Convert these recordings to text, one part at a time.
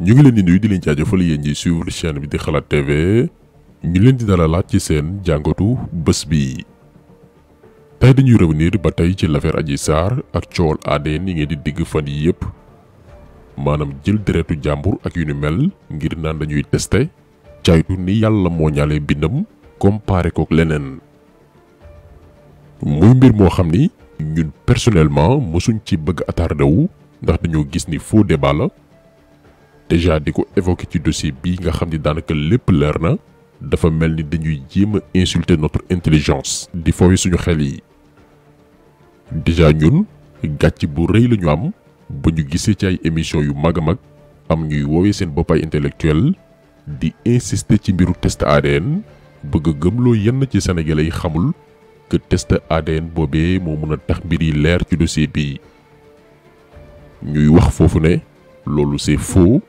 ñu ngi leen di nuyu di leen jaajëfal yéen ñiy suivre chaîne bi di xalaat TV ñu leen di dalalaat ci seen jàngatu bés bi. tey dañuy niir ba tey ci l'affaire Adji Sarr ak cool ADN yi ngeen di digg fan yi yëpp maanaam jël deretu jàmbur ak yu ni mel ngir naan dañuy tester caytu ni yàlla moo ñaalee bindam comparé kook leneen. muy mbir moo xam ni ñun personnellement mosuñ ci bëgg attardé wu ndax dañoo gis ni faux débat la. déjà diko évoquer ci dossier bi nga xamni danaka que dafa melni dañuy insulter notre intelligence. di de suñu déjà ñun gatch bu reuy la am bu ñu ci ay émission yu mag am ñuy seen intellectuel di insister ci test ADN bëgg gëm lo yenn ci sénégalais xamul que test ADN tax dossier ñuy wax c'est faux.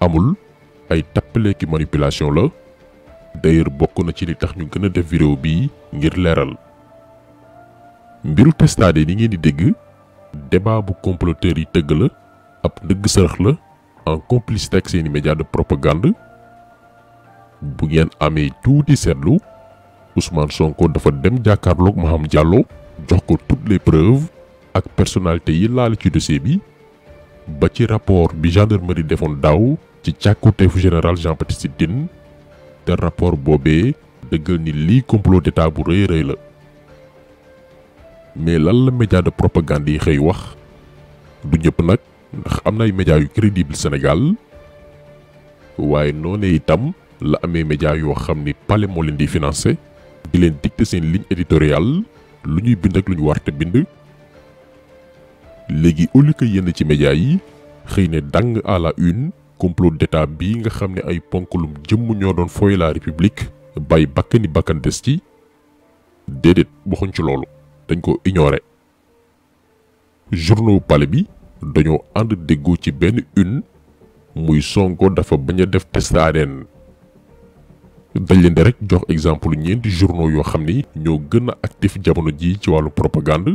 amul ay tappale ki manipulation la d'ailleurs bokk na ci li tax ñu gën a def vidéo bii ngir leeral mbiru testade ni ngeen di dégg débat bu comploteur yi tëgg la ab dëgg sërëx la en complicité ak seeni média de propagande bu ngeen amee tuuti seetlu Ousmane Sonko dafa dem jàkkaarloog Maham Diallo jox ko toutes les preuves ak personnalité yi laale ci dossier bi ba ci rapport bi gendarmerie defoon daaw ci càkkuteefu general Jean-Baptiste Tine te rapport bobé deugal ni li complot d'état bu reuy reuy la mais lan la média de propagande yi xey wax du ñëpp nak ndax amna ay média yu crédible Sénégal waye noné itam la amé média yoo xamni ni mo leen di financer di leen dicter seen ligne éditoriale lu ñuy bind ak lu ñu warte bind légui au lieu que yenn ci média yi xeyne ne dang à la une complot d'état bi nga xamné ay ponkulum jëm ñoo doon foy la république bay bakani bakan des ci dedet waxuñ ci lolu dañ ko ignorer journaux palais bi dañoo and déggo ci ben une muy songo dafa baña def test ADN dañ leen di rek jox exemple aktif journaux yo xamni ñoo gëna actif jamono ji ci walu propagande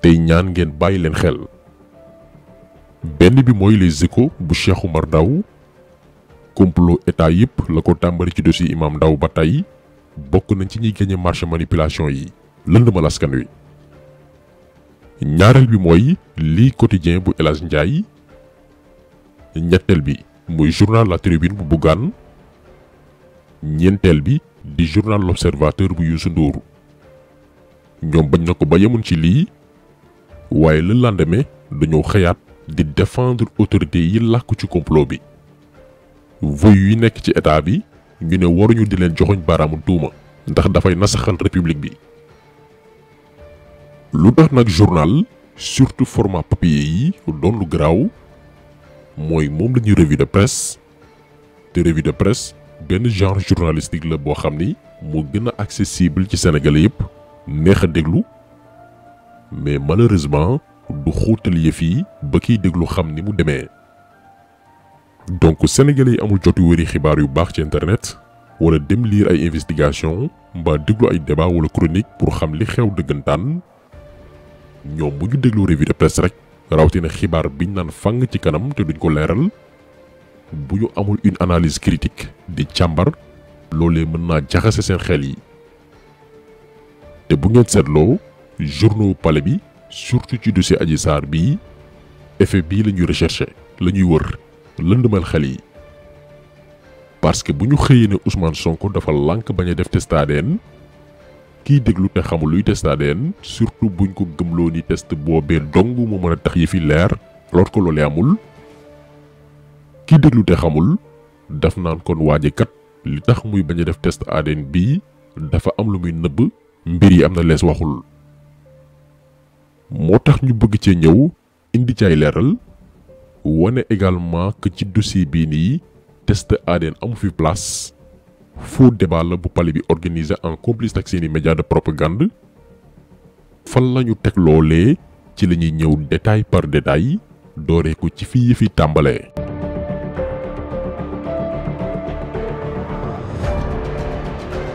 tay ñaan ngeen bayi leen xel benn bi mooy les échos bu Cheikh Oumar Ndaw complot état yëpp la ko tàmbali ci dossier imam Ndaw ba tey bokk nañ ci ñuy gañe marché manipulation yi lëndëmal askan wi ñaareel bi mooy lii quotidien bu El Hadj Ndiaye ñetteel bi muy journal La Tribune bu Bougane ñeenteel bi di journal L'Observateur bu Youssou Ndour ñoom bañ na ko ba yemun ci lii waaye le lendemain dañoo xëyaat de défendre autorité yi làkku ci complot bi voyu yi nekk ci état bi ñu ne waruñu di leen joxoñ baaraamu tuuma ndax dafay nasaxal république bi lu tax nag journal surtout format papier yi doon lu garaaw mooy revue de presse te revue de presse un genre journalistique la boo xam ni mu accessible ci Sénégal est neex a déglu mais malheureusement du xóotal yëf ba kiy déglu xam ni mu demee. donc sénégalais yi amul jotu wëri xibaar yu baax ci internet wala dem lire ay investigation mbaa déglu ay débat wala chronique pour xam li xew dëggantaan ñoom bu ñu déglu revue de presse rek rawatina xibaar biñ naan fàng ci kanam te duñ ko leeral bu ñu amul une analyse critique di càmbar loolee mën naa jaxase seen xel yi te bu ngeen seetloo journaux palais bi. surtout ci dossier aji sar bi effet bi lañu rechercher lañuy wër lëndumal xel yi parce que buñu ñu Ousmane Sonko dafa lank baña def test ADN kiy déglu te xamul luy test ADN surtout buñ ko gëmlo ni test bobé dong mu mëna tax yi fi leer ko amul ki déglu te xamul daf nan kon waji kat li tax muy baña def test ADN bi dafa am lu muy neub mbir yi amna les waxul motax ñu bëgg ci ñëw indi ci ay leral wone également que ci dossier bi ni test ADN amu fi place faux débat la bu pale bi organisé en complice ak seen média de propagande fan lañu tek lolé ci lañu ñëw détail par détail doré ko ci fi yëfi tambalé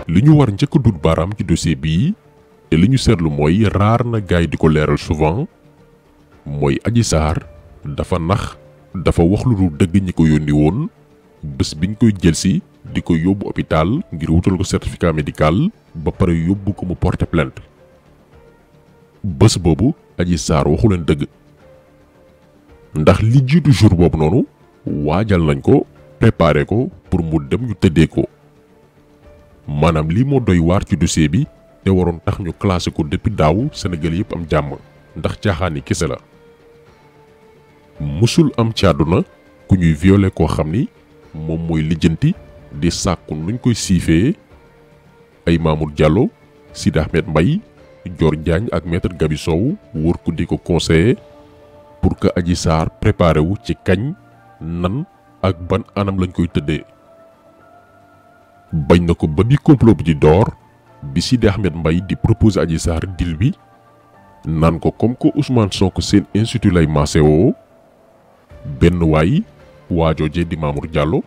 liñu war ñëk dut baram ci dossier bi te li ñu seetlu rar na gaay di ko leeral souvent moy aji sar dafa nax dafa wax lu dul dëgg ñi ko yónni woon biñ koy jël di ko yobbu hôpital ngir wutul ko certificat médical ba paré yobbu ko mu porter plainte bés bobu aji sar waxu len deug ndax li jitu jour bobu nonu wajal nañ ko préparer ko pour mu dem ñu tëddee ko manam li mo doy war ci dossier bi te waroon tax ñu classé ko depuis daaw Sénégal yëpp am jàmm ndax caaxaani kese la mësul am ci na ku ñuy violé koo xam ni moom mooy lijjanti di sàkku nuñ koy siifee ay Mamour Diallo Sidi Ahmed Mbaye Dior Diagne ak maître Gabi Sow wër ko di ko conseiller pour que Adji Sarr préparé wu ci kañ nan ak ban anam lañ koy tëddee bañ na ko ba bi complot bi di door bi Sidi Ahmed Mbaye di propose Adji Sarr deal bi naan ko comme que Ousmane Sonko seen institut lay maase woo benn waay waajoojee di Mamour Diallo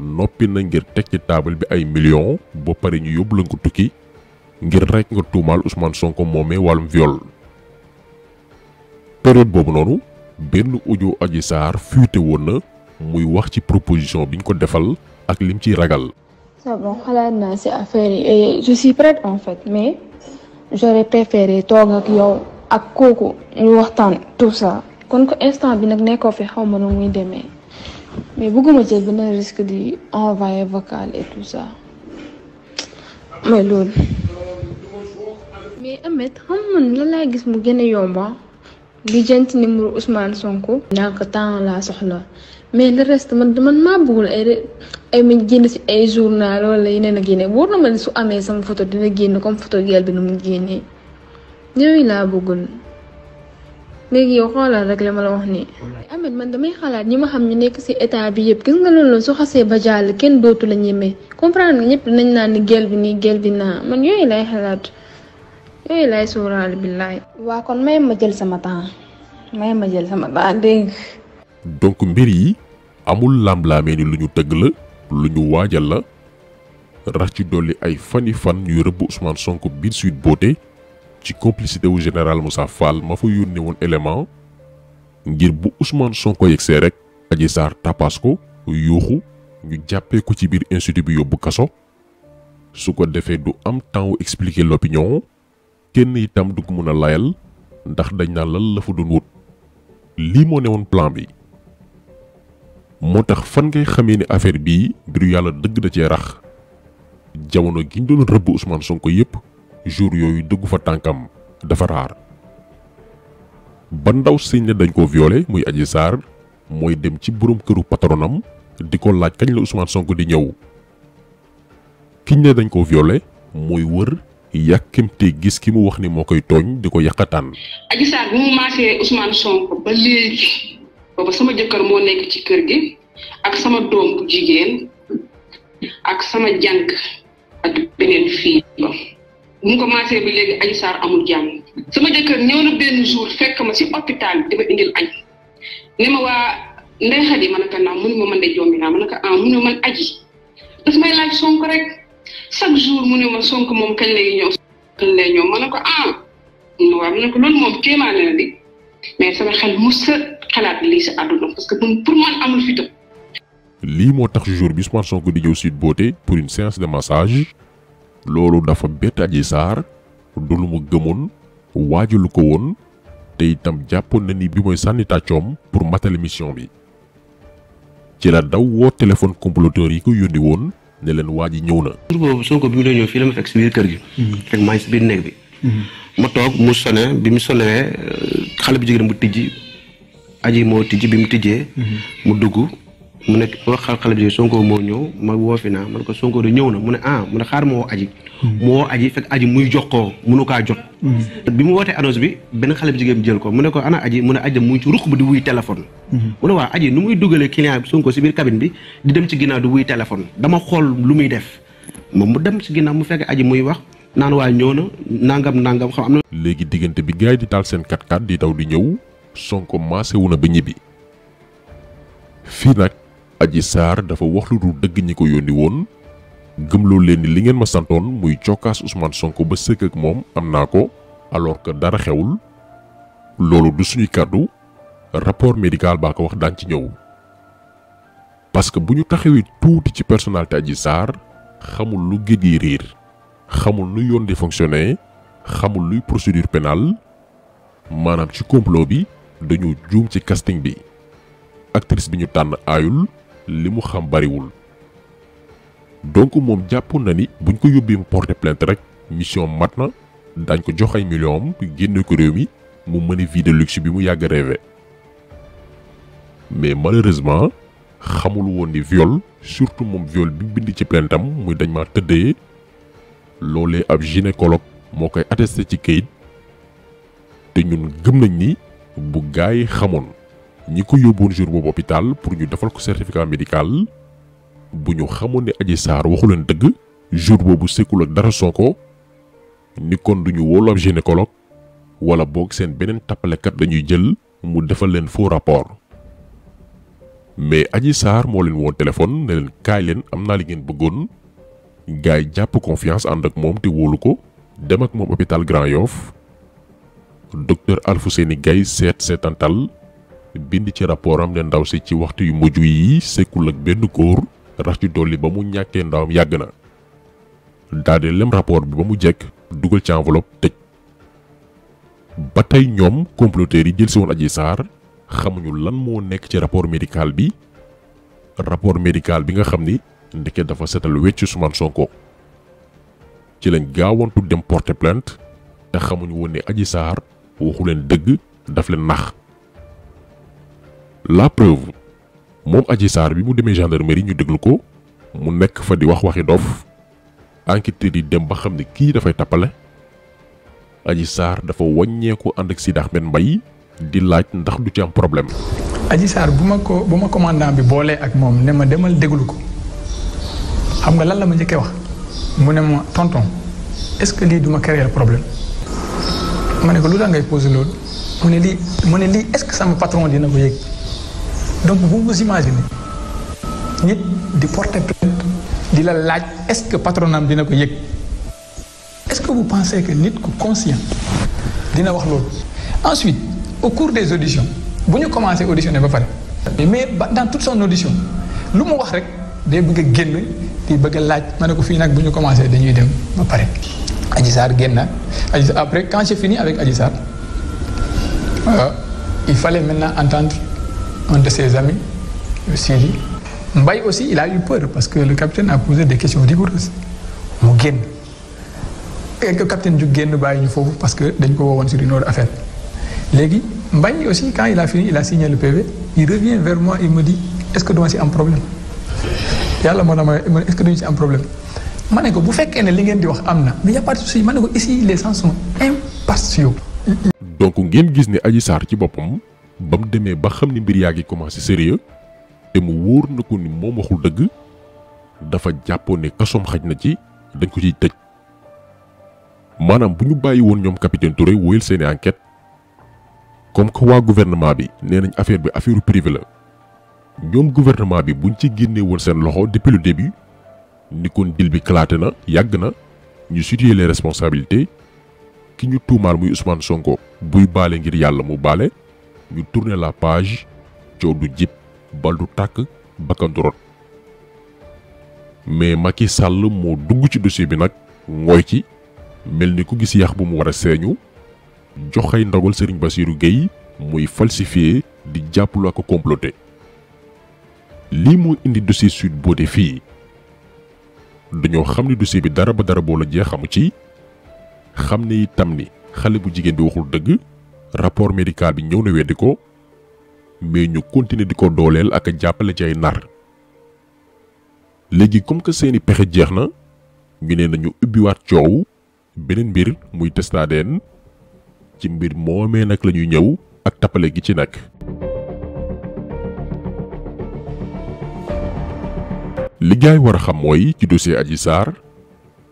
noppi na ngir teg ci taabal bi ay millions ba pare ñu yóbbu lañ ko tukki ngir rek nga tuumaal Ousmane Sonko moomee wàllum viol période boobu noonu benn audio Adji Sarr fuite woon na muy wax ci proposition biñ ko defal ak lim ciy ragal ça bon xalaat naa si affaire yi et je suis prête en fait mais j'aurais préféré toog ak yow ak kooku ñu waxtaan tout sa kon ko instant bi nag nekkoo fi xaw ma nu muy demee mais bëgguma jël benn risque di envoyer vocal et tout ça mais loolu. mais Ameth xam man la gis mu gën a yomba ah? di jënt numéro Ousmane Sonko. naa ko temps laa soxla mais le reste man maa bëggul ay ay ma génn si ay journal wala yeneen a génne wóor na ma su amee sama photo dina génn comme photo gel bi nu mu génnee yooyu laa bëggul léegi yow xoolal rek la ma la wax nii. Ameth man damay xalaat ñi ma xam ñu nekk ci état bi yëpp gis nga loolu su xasee ba jàll kenn dootu la ñeme comprendre nga ñëpp dinañ naan ni gel bi nii gel bi naa man yooyu lay xalaat yooyu lay sóoraale billaay. waa kon may ma jël sama temps may ma jël sama temps dégg mbir yi amul lu ñu waajal la rax ci dolli ay fani fan yuy rëbb Ousmane Sonko biir Sweet boote ci complicité wu général Moussa Fall ma fa yónnee woon élément ngir bu Ousmane Sonko yegsee rek Adji Sarr tapas ko yuuxu ñu jàppee ko ci biir institut bi yóbbu kaso su ko defee du am temps expliquer l'opinion kenn itam du ko mën a layal ndax dañ naan lan la fa doon wut lii moo ne woon plan bi moo tax fan ngay xamee ni affaire bii mbiru yàlla dëgg da cee rax jamono gi ñu doon rëbb Ousmane Sonko yëpp jour yooyu dëggu fa tànkam dafa raar ba ndaw sëñ ne dañ ko violé muy Adji Sarr mooy dem ci borom këru patronam di ko laaj kañ la Ousmane Sonko di ñëw kiñ ne dañ ko violé mooy wër yàkkamte gis ki mu wax ni moo koy tooñ di ko yàqataan. Adji bi mu maasee Ousmane Sonko ba léegi. booba sama jëkkër moo nekk ci kër gi ak sama doom jigéen ak sama jànk ak beneen fii ba mu commencé bi léegi añ saar amul jàmm sama jëkkër ñëw na benn jour fekk ma si hôpital bi dama indil añ ne ma waa ndey xadi ma ne ko naam mu ne ma man de naa ma ne ko ah mu ne man aji daf may laaj sonk rek chaque jour mu ne ma sonk moom kañ lay ñëw kañ lay ñëw ah, ko loolu moom kéemaane na di mais sama xel musa xalaat li ci aduna parce que pour man amul fi dëpp li moo tax jour bi Ousmane Sonko di jëw sud beauté pour une séance de massage loolu dafa bett aji saar du lu mu gëmoon waajulu ko woon te itam jàppoon na ni bi mooy sànni tàccoom pour matal mission bi ci la daw woo téléphone yi ko ne na. jour Sonko bi mu la kër gi. Hmm. bi. Hmm. ma mu bi euh, tijji aji moo tijji bi mu tijjee. Mm-hmm. mu dugg mu ne wax xale bi Sonko moo ñëw ma woo fi naa man ko Sonko de ñëw na mu ne ah mu ne xaar ma aji. Mm-hmm. mu woo aji muy jox koo mënu jot. Mm-hmm. bi mu wootee annonce bi benn xale bi jël ko mu ne ko ana aji mu ne aji mu ngi ci di wuy téléphone. mu waa aji nu muy dugalee client bi Sonko si biir cabine bi dem ci ginnaaw di wuy téléphone dama xool lu muy def moom mu dem si ginnaaw mu fekk aji muy wax. naan waa ñëw na nangam nangam xam am na. léegi diggante bi gars yi di taal seen 4 x di daw di ñëw. Sonko maase wu na ba ñibbi fii nag Adji Sarr dafa wax lu dul dëgg ñi ko yónni woon gëmloo leen ni li ngeen ma santoon muy cokkaas Ousmane Sonko ba sëkk ak moom am naa ko alors que dara xewul loolu du suñuy kàddu rapport médical baa ko wax daan ci ñëw parce que bu ñu taxawee tuuti ci personnalité Adji saar xamul lu géej gi riir xamul nu yoon di fonctionner xamul luy procédure pénale maanaam ci complot bi dañu joom ci casting bi actrice bi ñu tànn aayul li mu xam bariwul donc moom jàpp na ni buñ ko yóbbee mu porter plainte rek mission mat na dañ ko jox ay million am génne ko réew mi mu mëne vie de luxe bi mu yàgg rêvé mais malheureusement xamul woon ni viol surtout moom viol bi bind ci plainte am muy dañ maa tëddee loolee ab gynécologue moo koy attesté ci kayit te ñun gëm nañ ni bu gaay xamoon ñi ko yóbboon jour boobu hôpital pour ñu defal ko certificat médical bu ñu xamoon ne aji Sarr waxu leen dëgg jour boobu sekkul ak dara Sonko ni kon du ñu wóolu ab gynécologue wala boog seen beneen tappalekat dañuy jël mu defal leen foo rapport mais Adji Sarr moo leen woon téléphone ne leen kaay leen am naa li ngeen bëggoon gaay jàpp confiance ànd ak moom te wóolu ko dem ak moom hôpital Grand Yoff docteur alfuseni gay set setantal bind ci rapportam ne ndaw si ci waxtu yu muju yi sekul ak benn góor rax ci doli ba mu ñaké ndawam na lem rapport bi ba mu jek dugal ci enveloppe tej batay ñom comploteur yi jël ci won adjissar xamuñu lan mo nekk ci rapport médical bi rapport médical bi nga xamni ni ndeke dafa setal wéccu suman Sonko ci lañ tu dem porter plainte te xamuñu woon waxu leen dëgg daf leen nax la preuve moom Adji Sarr bi mu demee gendarmerie ñu déglu ko mu nekk fa di wax waxi dof enquêteurs yi dem ba xam ne kii dafay tappale Adji Sarr dafa wàññeeku ànd ak Sidi Ahmed Mbaye di laaj ndax du ci am problème. aji Sarr bu ma ko bu ma commandant bi boolee ak moom ne ma demal déglu ko xam nga lan la ma njëkkee wax mu ne ma tonton est-ce que lii duma créer problème. mané ko loolu ngay posé loolu mu ne lii mu ne lii est-ce que sama patron dina ko yëg donc vous vous imaginez nit di porter plainte di la laaj est-ce que patron am dina ko yëg est-ce que vous pensez que nit ko conscient dina wax loolu ensuite au cours des auditions bu ñu commencé auditionner ba pare mais dans toute son audition lu mu wax rek day bëgg a génn di bëgg a laaj ma ne ko fii nag bu ñu commencé dañuy dem ba pare Adjisar, Genna. Après, quand j'ai fini avec Adjissar, euh, il fallait maintenant entendre un de ses amis, le Syrie. Mbaye aussi, il a eu peur parce que le capitaine a posé des questions rigoureuses. Mougen. Et que capitaine du Guéna Mbaye, il faut parce que nous avons sur une autre affaire. Légui, Mbaye aussi, quand il a fini, il a signé le PV, il revient vers moi, il me dit Est-ce que nous avons un problème Est-ce que nous avons un problème mané ko bu li mais a pas de ici les gens sont impatients. donc on gis Adji Sarr ci ba démé ba xamni mbir yaa sérieux Et mu na ni dafa jappone xajna ci dañ ko ci tejj manam capitaine Touré woyel enquête comme que wa gouvernement bi affaire bi affaire gouvernement bi buñ ci depuis le début ni kon dil bi claté na yag na ñu situer les responsabilités ki ñu tuumaal muy Ousmane Sonko buy balé ngir Yalla mu balé ñu tourner la page coow du jib bal du tak bakkan du rot mais Macky Sall mo dugg ci dossier bi nak ngooy ci melni ku gis yax bu mu wara a joxay ndogal Serigne Bassirou Gueye muy falsifier di jàppaloo ak comploter li mo indi dossier suite Beauté fii. dañoo xam ni dossier bi dara ba dara boo la jeex xamu ci xam ni itam ni xale bu jigéen bi waxul dëgg rapport médical bi ñëw na weddi ko mais ñu continuer di ko dooleel ak jàppale ci ay nar. léegi comme que seeni pexe jeex na ñu ne nañu ubbiwaat coow beneen mbir muy test ADN ci mbir moomee nag la ñuy ñëw ak tappale gi ci nekk. li gaay war a xam mooy ci dossier Adji Sarr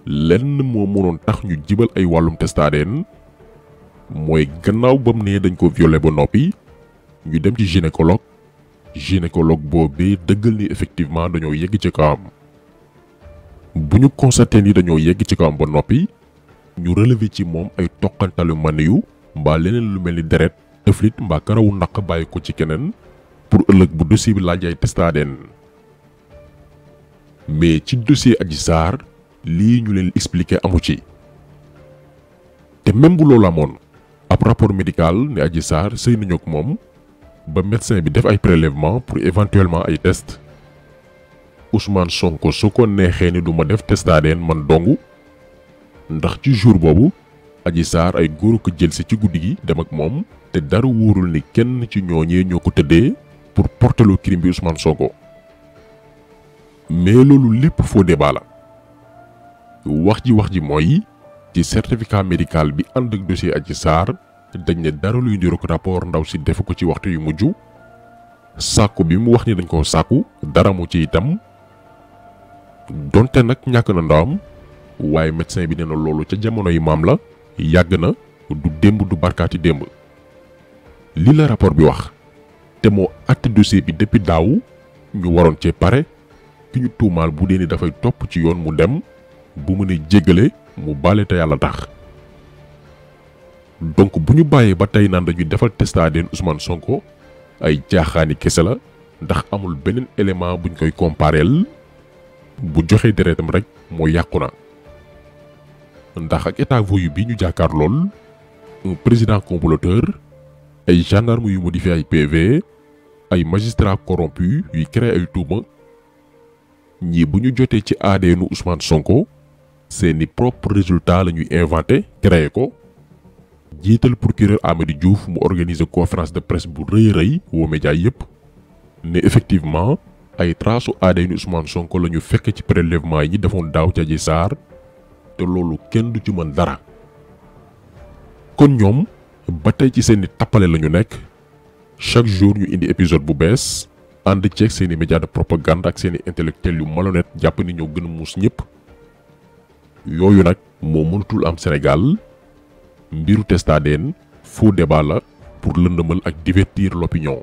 lenn moo mënoon tax ñu jibal ay wàllum test mooy gannaaw bam ne dañ ko violé ba noppi ñu dem ci gynécologue gynécologue boobee dëggal ni effectivement dañoo yegg ci kawam bu ñu constaté ni dañoo yegg ci kawam ba noppi ñu relevé ci moom ay toqantalu man yu mbaa leneen lu mel ni deret teflit mbaa karawu naq bàyyi ko ci keneen pour ëllëg bu dossier bi laaj ay mais ci dossier Adji saar lii ñu leen expliqué amu ci te même bu loolu amoon ab rapport médical ne Adji saar sëy nañu ak moom ba médecin bi def ay prélèvement pour éventuellement ay test Ousmane Sonko su ko neexee ni duma def test ADN man dong ndax ci jour boobu aji saar ay góor ko jël si ci guddi gi dem ak moom te dara wóorul ni kenn ci ñooñee ñoo ko tëddee pour porter le crime bi Ousmane Sonko. mais loolu lépp faux débat wax ji wax ji mooy ci certificat médical bi ànd ak dossier Adji Sarr dañ ne dara luy niroog rapport ndaw si def ko ci waxtu yu mujj sàkku bi mu wax ni dañ koo sàkku dara mu ci itam donte nag ñàkk na ndawam waaye médecin bi nee na loolu ca jamono yi maam la yàgg na du démb du barkaati démb li la rapport bi wax te moo àtte dossier bi depuis daaw ñu waroon cee pare ki tumal bu dee da fay top ci yoon mu dem bu ne jéggelé mu balé ta yalla tax donc buñu bayé ba tay nan dañuy defal test Ousmane Sonko ay jaxani kese la ndax amul benen élément buñ koy compareel bu joxé dérétam rek mo yakuna ndax ak état voyu bi ñu jakar lool un président comploteur ay gendarme yu modifié ay PV ay magistrat corrompu yu créé ay ni buñu jotté ci ADN Ousmane Sonko c'est ni propre résultat lañu inventé créé ko jiital procureur Amadou Diouf mu organiser conférence de presse bu reuy reuy wo média yépp né effectivement ay trasu ADN Ousmane Sonko lañu ñu fekk ci prélèvement yi defon daw ca Adji Sarr te loolu kenn du ci mën dara kon ñom batay ci seeni tapalé lañu nek chaque jour ñu indi épisode bu bees ànd ceeg seen i média de propagande ak seen i yu malhonnête jàpp ni ñoo gën a muus ñëpp yooyu nag moo mënatul am Sénégal mbiru test ADN faux débat la pour lëndëmal ak divertir l'opinion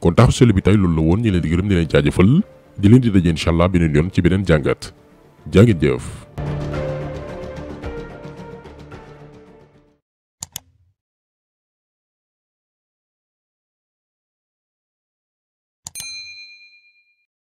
kon taxu selu bi tey loolu la woon ñu leen di gërëm di jaajëfal di leen di daje incha allah beneen yoon ci beneen jàngat jàngit jëf